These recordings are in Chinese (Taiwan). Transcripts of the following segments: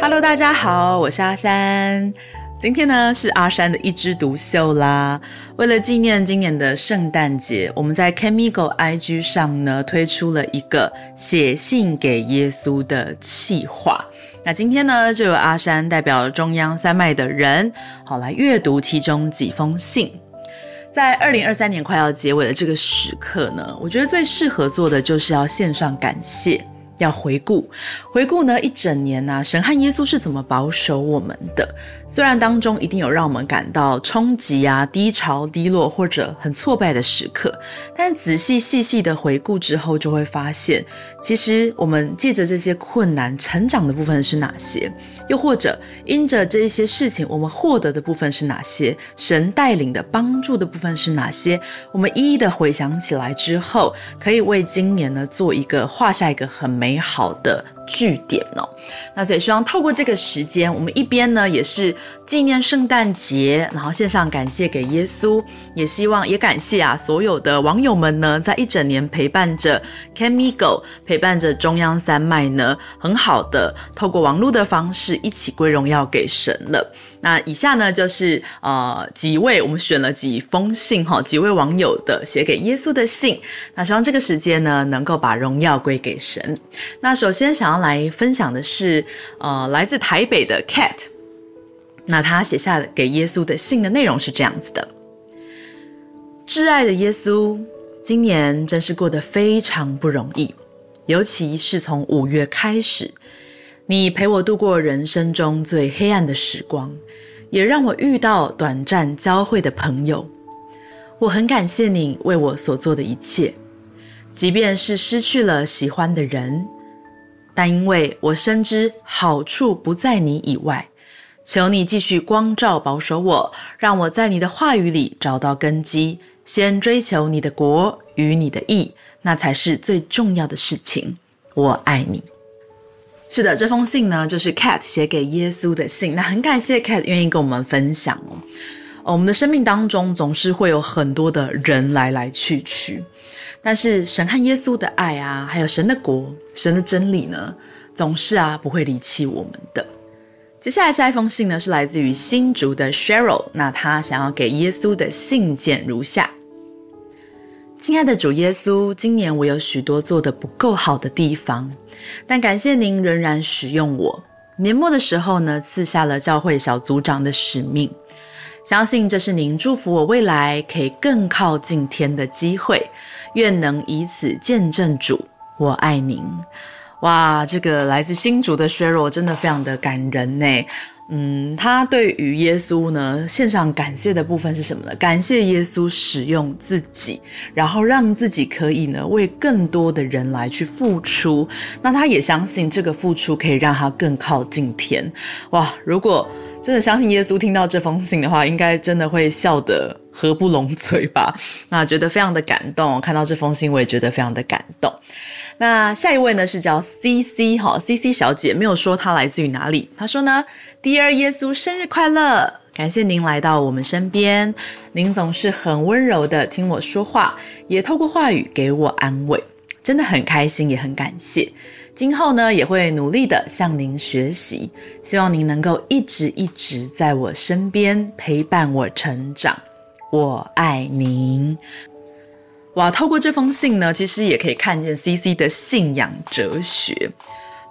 Hello，大家好，我是阿山。今天呢是阿山的一枝獨秀啦。為了紀念今年的聖誕節，我們在 CamEgo IG 上呢推出了一個寫信給耶穌的企劃。那今天呢就由阿山代表中央三麥的人，好來閱讀其中幾封信。在二零二三年快要結尾的這個時刻呢，我覺得最適合做的就是要獻上感謝。要回顧，回顧呢一整年呢、啊，神和耶穌是怎麼保守我們的？雖然當中一定有讓我們感到衝擊啊、低潮、低落或者很挫敗的時刻，但仔細細細的回顧之後，就會發現，其實我們借着這些困難成長的部分是哪些？又或者因着這一些事情，我們獲得的部分是哪些？神帶領的幫助的部分是哪些？我們一一的回想起來之後，可以為今年呢做一個，畫下一個很美。美好的。據點哦，那所以希望透過這個時間，我們一邊呢也是紀念聖誕節，然後獻上感謝給耶穌，也希望也感謝啊所有的網友們呢，在一整年陪伴着 CamEgo，陪伴着中央三麥呢，很好的透過網絡的方式一起歸榮耀給神了。那以下呢就是呃幾位我們選了幾封信哈，幾位網友的寫給耶穌的信。那希望這個時間呢能夠把榮耀歸給神。那首先想要。來分享的是，呃，來自台北的 Cat，那他寫下給耶穌的信的內容是這樣子的：摯愛的耶穌，今年真是過得非常不容易，尤其是從五月開始，你陪我度過人生中最黑暗的時光，也讓我遇到短暫交匯的朋友。我很感謝你為我所做的一切，即便是失去了喜歡的人。但因為我深知好處不在你以外，求你繼續光照保守我，讓我在你的話語裡找到根基。先追求你的國與你的義，那才是最重要的事情。我愛你。是的，這封信呢，就是 Cat 寫給耶穌的信。那很感謝 Cat 願意跟我們分享哦。Oh, 我們的生命當中總是會有很多的人來來去去，但是神和耶穌的愛啊，還有神的國、神的真理呢，總是啊不會離棄我們的。接下來下一封信呢，是來自於新竹的 Cheryl，那他想要給耶穌的信件如下：親愛的主耶穌，今年我有許多做得不夠好的地方，但感謝您仍然使用我。年末的時候呢，賜下了教會小組長的使命。相信這是您祝福我未來可以更靠近天的機會，願能以此見證主，我愛您。哇，這個來自新竹的 Sheryl 真的非常的感人呢。嗯，他對於耶穌呢獻上感謝的部分是什麼呢？感謝耶穌使用自己，然後讓自己可以呢為更多的人來去付出。那他也相信這個付出可以讓他更靠近天。哇，如果。真的相信耶穌聽到這封信的話，應該真的會笑得合不攏嘴吧？那覺得非常的感動。看到這封信，我也覺得非常的感動。那下一位呢是叫 CC 哈，CC 小姐沒有說她來自於哪裡。她說呢：“ Dear 耶穌，生日快樂！感謝您來到我們身邊，您總是很溫柔地聽我說話，也透過話語給我安慰，真的很開心，也很感謝。”今後呢，也會努力的向您學習，希望您能夠一直一直在我身邊陪伴我成長，我愛您。哇，透過這封信呢，其實也可以看見 CC 的信仰哲學。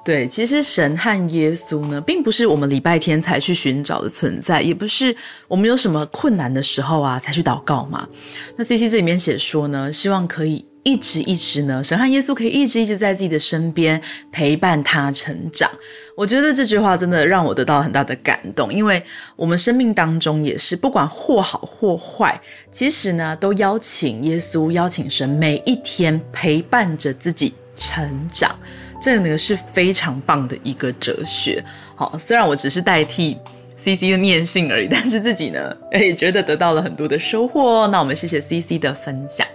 對，其實神和耶穌呢，並不是我們禮拜天才去尋找的存在，也不是我們有什麼困難的時候啊才去禱告嘛。那 CC 這裡面寫說呢，希望可以。一直一直呢，神和耶穌可以一直一直在自己的身邊陪伴他成長。我覺得這句話真的讓我得到很大的感動，因為我們生命當中也是不管或好或壞，其實呢都邀請耶穌、邀請神每一天陪伴着自己成長。這個呢是非常棒的一個哲學。好，雖然我只是代替。C C 的念信而已，但是自己呢，也覺得得到了很多的收穫哦。那我們謝謝 C C 的分享。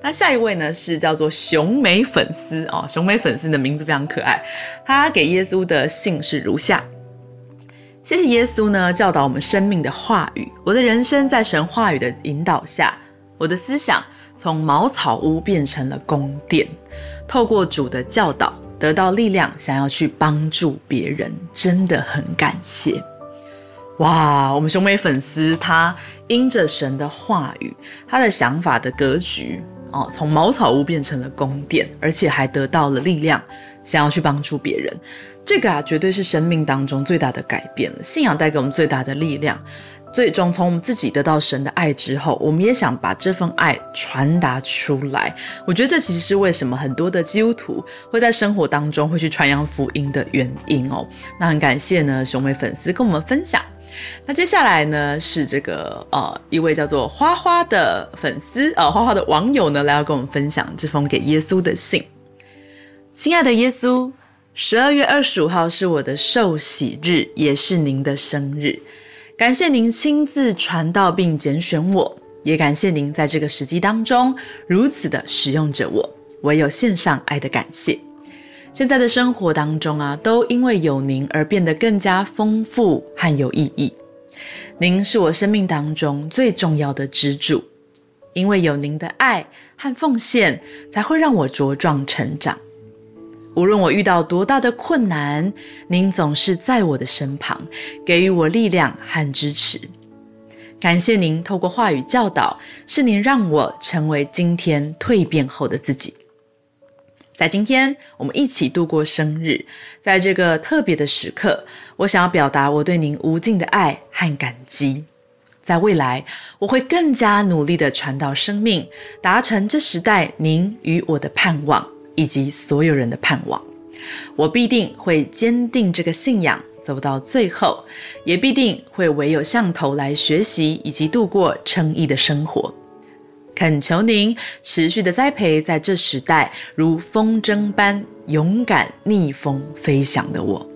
那下一位呢是叫做熊美粉絲哦，熊美粉絲的名字非常可愛。他給耶穌的信是如下：謝謝耶穌呢教導我們生命的話語。我的人生在神話語的引導下，我的思想從茅草屋變成了宮殿。透過主的教導得到力量，想要去幫助別人，真的很感謝。哇，我們熊妹粉絲他因着神的話語，他的想法的格局哦，從茅草屋變成了宮殿，而且還得到了力量，想要去幫助別人。這個啊，絕對是生命當中最大的改變了。信仰帶給我們最大的力量，最終從我們自己得到神的愛之後，我們也想把這份愛傳達出來。我覺得這其實是為什麼很多的基督徒會在生活當中會去傳揚福音的原因哦。那很感謝呢，熊妹粉絲跟我們分享。那接下來呢，是這個呃、哦，一位叫做花花的粉絲啊、哦，花花的網友呢，來要跟我們分享這封給耶穌的信。親愛的耶穌，十二月二十五號是我的受洗日，也是您的生日。感謝您親自傳道並揀選我，也感謝您在這個時機當中如此的使用着我，唯有獻上愛的感謝。現在的生活當中啊，都因為有您而變得更加豐富和有意義。您是我生命當中最重要的支柱，因為有您的愛和奉獻，才會讓我茁壯成長。無論我遇到多大的困難，您總是在我的身旁，給予我力量和支持。感謝您透過話語教導，是您讓我成為今天蛻變後的自己。在今天，我們一起度過生日，在這個特別的時刻，我想要表達我對您無盡的愛和感激。在未來，我會更加努力地傳道生命，達成這時代您與我的盼望，以及所有人的盼望。我必定會堅定這個信仰，走到最後，也必定會唯有向頭來學習，以及度過稱義的生活。懇求您持續的栽培，在這時代如風箏般勇敢逆風飛翔的我。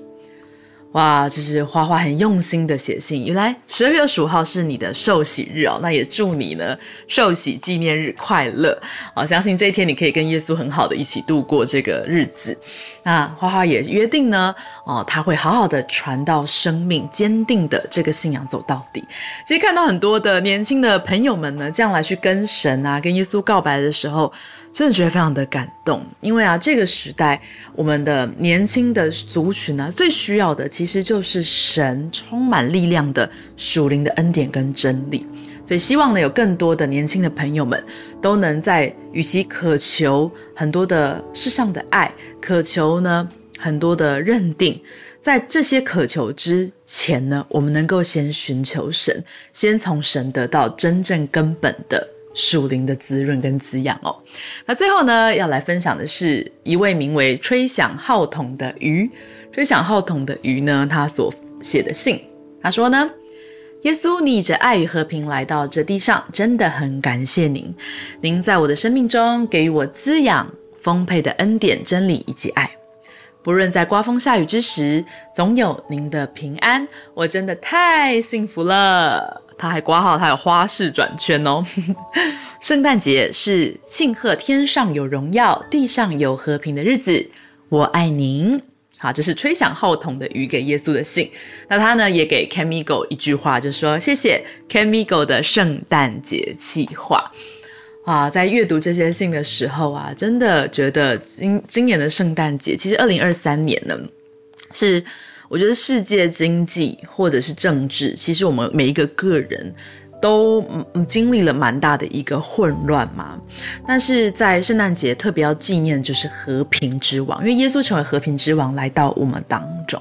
哇，這是花花很用心的寫信。原來十二月十五號是你的受洗日哦，那也祝你呢受洗紀念日快樂啊！哦，相信這一天你可以跟耶穌很好的一起度過這個日子。那花花也約定呢哦，他會好好的傳道生命，堅定的這個信仰走到底。其實看到很多的年輕的朋友們呢，這樣來去跟神啊、跟耶穌告白的時候，真的覺得非常的感動。因為啊，這個時代我們的年輕的族群呢，最需要的。其實就是神充滿力量的屬靈的恩典跟真理，所以希望呢有更多的年輕的朋友們都能在與其渴求很多的世上的愛，渴求呢很多的認定，在這些渴求之前呢，我們能夠先尋求神，先從神得到真正根本的屬靈的滋潤跟滋養哦。那最後呢，要來分享的是一位名為吹響號筒的魚。吹響號筒的魚呢，他所寫的信，他說呢：“耶穌，你以着愛與和平來到這地上，真的很感謝您。您在我的生命中給予我滋養、豐沛的恩典、真理以及愛。不論在颳風下雨之時，總有您的平安。我真的太幸福了。”他還掛號，他有花式轉圈哦。 聖誕節是慶賀天上有榮耀、地上有和平的日子。我愛您。好、啊，這是吹響號筒的魚給耶穌的信。那他呢也給 CamEgo 一句話，就說謝謝 CamEgo 的聖誕節計劃。啊，在閱讀這些信的時候啊，真的覺得今今年的聖誕節，其實二零二三年呢，是我覺得世界經濟或者是政治，其實我們每一個個人，都嗯嗯經歷了蠻大的一個混亂嘛，但是在聖誕節特別要紀念就是和平之王，因為耶穌成為和平之王來到我們當中，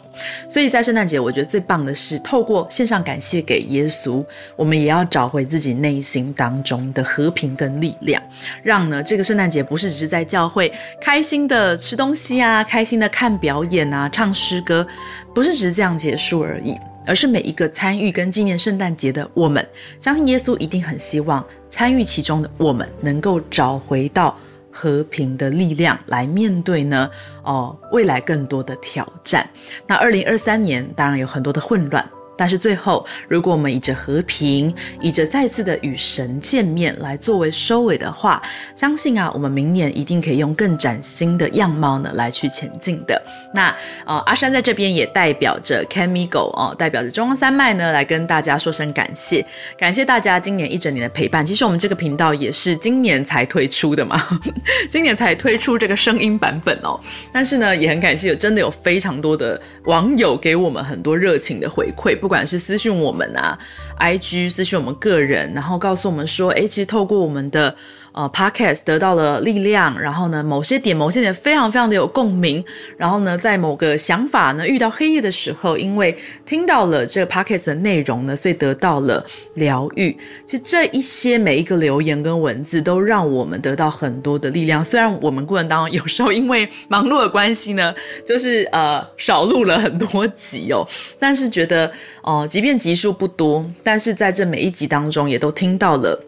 所以在聖誕節我覺得最棒的是透過線上感謝給耶穌，我們也要找回自己內心當中的和平跟力量，讓呢這個聖誕節不是只是在教會開心的吃東西啊，開心的看表演啊，唱詩歌，不是只是這樣結束而已。而是每一個參與跟紀念聖誕節的我們，相信耶穌一定很希望參與其中的我們能夠找回到和平的力量來面對呢，哦，未來更多的挑戰。那二零二三年當然有很多的混亂。但是最後，如果我們以着和平，以着再次的與神見面來作為收尾的話，相信啊，我們明年一定可以用更嶄新的樣貌呢來去前進的。那呃，阿山在這邊也代表着 CamEgo 哦，呃，代表着中央三麥呢，來跟大家說聲感謝，感謝大家今年一整年的陪伴。其實我們這個頻道也是今年才推出的嘛，呵呵，今年才推出這個聲音版本哦。但是呢，也很感謝真的有非常多的網友給我們很多熱情的回饋。不管是私訊我們啊，IG 私訊我們個人，然後告訴我們說，哎、欸，其實透過我們的。呃、uh，podcast 得到了力量，然後呢，某些點、某些點非常非常的有共鳴，然後呢，在某個想法呢遇到黑夜的時候，因為聽到了這個 podcast 的內容呢，所以得到了療癒。其實這一些每一個留言跟文字都讓我們得到很多的力量。雖然我們過程當中有時候因為忙碌的關係呢，就是呃少錄了很多集哦，但是覺得哦、呃，即便集數不多，但是在這每一集當中也都聽到了。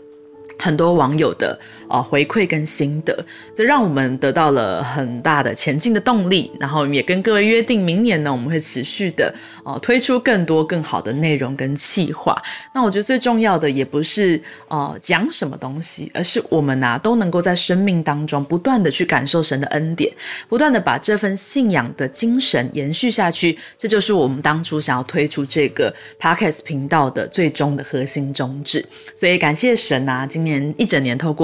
很多網友的。啊、哦，回饋跟心得，這讓我們得到了很大的前進的動力。然後也跟各位約定，明年呢，我們會持續的哦，推出更多更好的內容跟企劃。那我覺得最重要的，也不是哦講、呃、什麼東西，而是我們吶、啊，都能夠在生命當中不斷的去感受神的恩典，不斷的把這份信仰的精神延續下去。這就是我們當初想要推出這個 podcast 頻道的最終的核心宗旨。所以感謝神啊，今年一整年透過。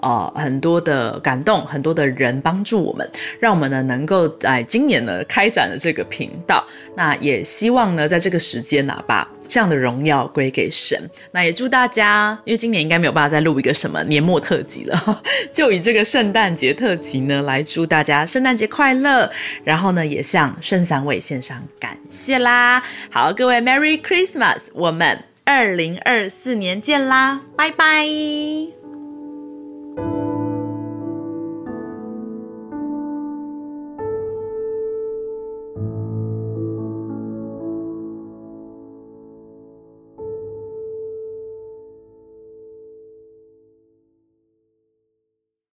呃，很多的感動，很多的人幫助我們，讓我們呢能夠在今年呢開展了這個頻道。那也希望呢，在這個時間呢、啊，把這樣的榮耀歸給神。那也祝大家，因為今年應該沒有辦法再錄一個什麼年末特輯了， 就以這個聖誕節特輯呢，來祝大家聖誕節快樂。然後呢，也向聖三位獻上感謝啦。好，各位 Merry Christmas，我們二零二四年見啦，拜拜。